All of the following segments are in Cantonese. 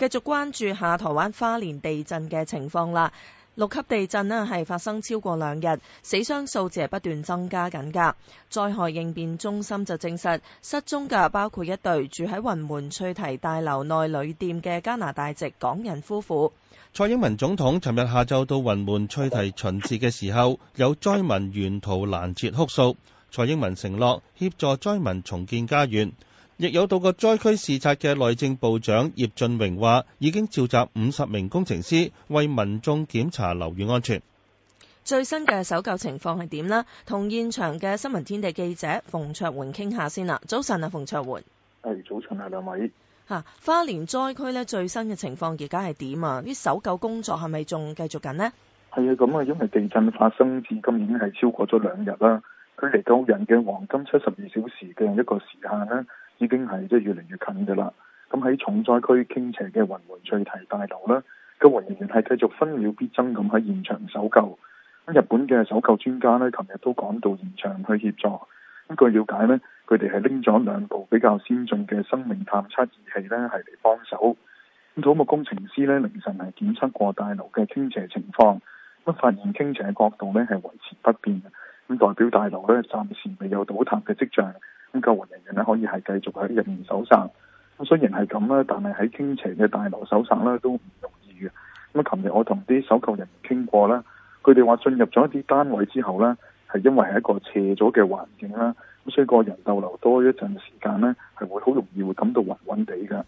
繼續關注下台灣花蓮地震嘅情況啦。六級地震呢係發生超過兩日，死傷數字係不斷增加緊㗎。災害應變中心就證實，失蹤嘅包括一對住喺雲門翠堤大樓內旅店嘅加拿大籍港人夫婦。蔡英文總統尋日下晝到雲門翠堤巡視嘅時候，有災民沿途攔截哭訴。蔡英文承諾協助災民重建家園。亦有到過災區視察嘅內政部長葉俊榮話，已經召集五十名工程師，為民眾檢查樓宇安全。最新嘅搜救情況係點呢？同現場嘅新聞天地記者馮卓垣傾下先啦。早晨啊，馮卓垣。係早晨啊，兩位。吓，花蓮災區呢，最新嘅情況而家係點啊？啲搜救工作係咪仲繼續緊呢？係啊，咁啊，因為地震發生至今已經係超過咗兩日啦。佢嚟到人嘅黃金七十二小時嘅一個時限咧。已經係即係越嚟越近噶啦，咁喺重災區傾斜嘅雲門翠堤大樓呢，救援人員係繼續分秒必爭咁喺現場搜救。咁日本嘅搜救專家呢，琴日都趕到現場去協助。根據了解呢，佢哋係拎咗兩部比較先進嘅生命探測儀器呢，係嚟幫手。咁土木工程師呢，凌晨係檢測過大樓嘅傾斜情況，咁發現傾斜角度呢係維持不變嘅，咁代表大樓呢，暫時未有倒塌嘅跡象。咁救援人員咧可以係繼續喺入面搜索。咁雖然係咁啦，但係喺傾斜嘅大樓搜索咧都唔容易嘅。咁啊，琴日我同啲搜救人員傾過啦，佢哋話進入咗一啲單位之後咧，係因為係一個斜咗嘅環境啦，咁所以個人逗留多一陣時間咧，係會好容易會感到暈暈地㗎。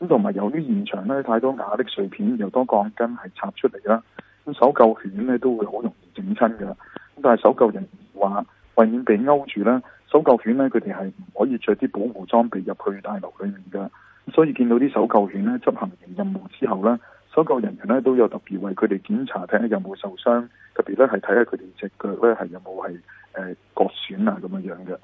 咁同埋由於現場咧太多瓦礫碎片，又多鋼筋係插出嚟啦，咁搜救犬咧都會好容易整親㗎。咁但係搜救人員話，避免被勾住啦。搜救犬咧，佢哋係唔可以着啲保護裝備入去大樓裏面嘅，所以見到啲搜救犬咧執行完任務之後咧，搜救人員咧都有特別為佢哋檢查，睇下有冇受傷，特別咧係睇下佢哋隻腳咧係有冇係誒割損啊咁樣樣嘅。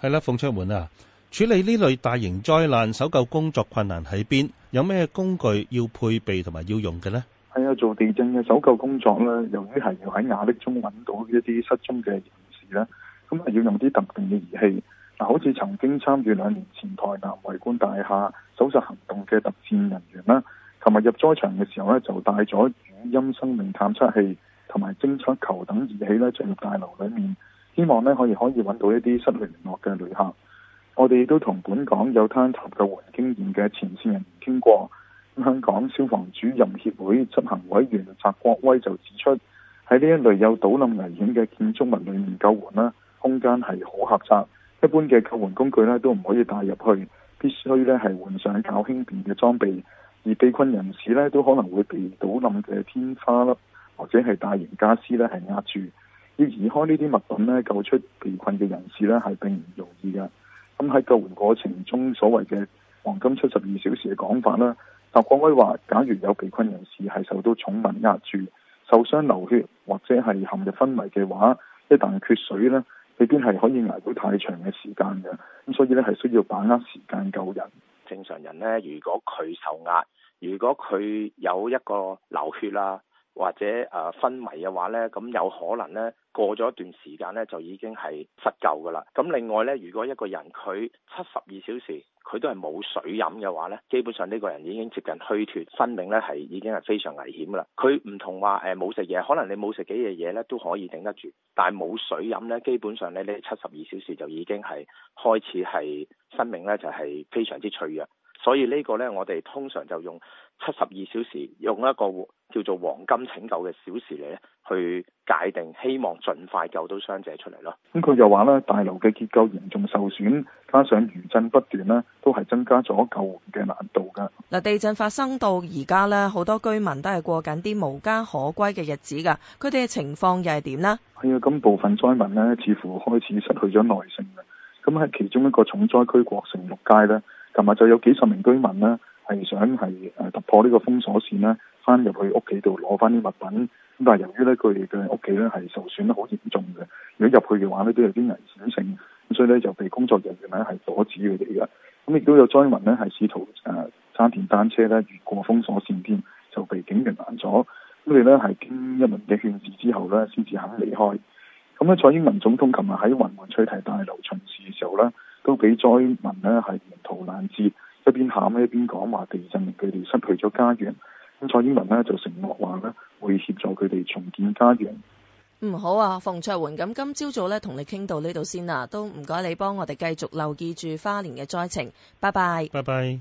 係啦，馮卓垣啊，處理呢類大型災難搜救工作困難喺邊？有咩工具要配備同埋要用嘅咧？係啊，做地震嘅搜救工作咧，由於係要喺瓦礫中揾到一啲失蹤嘅人士咧。係要用啲特定嘅儀器，嗱，好似曾經參與兩年前台南維冠大廈搜索行動嘅特線人員啦，琴日入災場嘅時候咧，就帶咗語音生命探測器同埋偵測球等儀器咧，進入大樓裏面，希望咧可以可以揾到一啲失聯落嘅旅客。我哋亦都同本港有坍塌救援經驗嘅前線人員傾過，咁香港消防主任協會執行委員翟國威就指出，喺呢一類有倒冧危險嘅建築物裏面救援啦，空間係好狹窄，一般嘅救援工具咧都唔可以帶入去，必須咧係換上較輕便嘅裝備。而被困人士咧都可能會被倒冧嘅天花粒或者係大型家私咧係壓住，要移開呢啲物品咧救出被困嘅人士咧係並唔容易噶。咁喺救援過程中，所謂嘅黃金七十二小時嘅講法啦，習國威話：假如有被困人士係受到重物壓住、受傷流血或者係陷入昏迷嘅話，一旦係缺水咧。你邊係可以捱到太長嘅時間嘅，咁所以咧係需要把握時間救人。正常人咧，如果佢受壓，如果佢有一個流血啊，或者誒、啊、昏迷嘅話呢，咁有可能呢，過咗一段時間呢，就已經係失救噶啦。咁另外呢，如果一個人佢七十二小時佢都係冇水飲嘅話呢，基本上呢個人已經接近虛脫，生命呢係已經係非常危險噶啦。佢唔同話誒冇食嘢，可能你冇食幾樣嘢呢都可以頂得住，但係冇水飲呢，基本上呢，你七十二小時就已經係開始係生命呢，就係、是、非常之脆弱。所以呢個呢，我哋通常就用七十二小時，用一個叫做黃金拯救嘅小時嚟去界定，希望盡快救到傷者出嚟囉。咁佢又話呢，大樓嘅結構嚴重受損，加上餘震不斷呢，都係增加咗救援嘅難度噶。嗱，地震發生到而家呢，好多居民都係過緊啲無家可歸嘅日子噶。佢哋嘅情況又係點呢？係啊，咁部分災民呢，似乎開始失去咗耐性㗎。咁係其中一個重災區國城六街呢。琴日就有幾十名居民呢，係想係突破呢個封鎖線呢，翻入去屋企度攞翻啲物品。咁但係由於咧佢哋嘅屋企咧係受損得好嚴重嘅，如果入去嘅話咧都有啲危險性，咁所以咧就被工作人員咧係阻止佢哋嘅。咁亦都有災民咧係試圖誒揸、啊、電單車咧越過封鎖線添，就被警員攔咗。咁佢咧係經一輪嘅勸說之後咧，先至肯離開。咁、嗯、咧，蔡英文總統琴日喺雲門翠堤大樓巡視嘅時候咧，都俾災民咧係沿途攔截，一邊喊咧一邊講話地震，佢哋失去咗家園。咁蔡英文咧就承諾話咧會協助佢哋重建家園。嗯，好啊，馮卓垣，咁今朝早咧同你傾到呢度先啦，都唔該你幫我哋繼續留意住花蓮嘅災情。拜拜。拜拜。